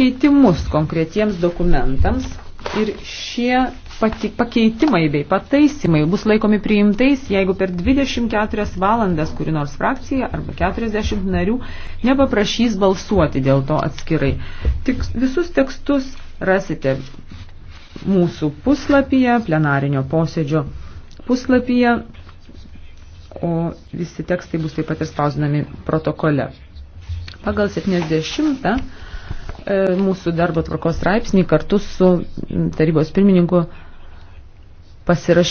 pakeitimus konkretiems dokumentams ir šie pati, pakeitimai bei pataisimai bus laikomi priimtais, jeigu per 24 valandas kuri nors frakcija arba 40 narių nepaprašys balsuoti dėl to atskirai. Tik visus tekstus rasite mūsų puslapyje, plenarinio posėdžio puslapyje, o visi tekstai bus taip pat ir spausdinami protokole. Pagal 70 E, mūsų darbo tvarkos straipsnį kartu su tarybos pirmininku pasirašyti.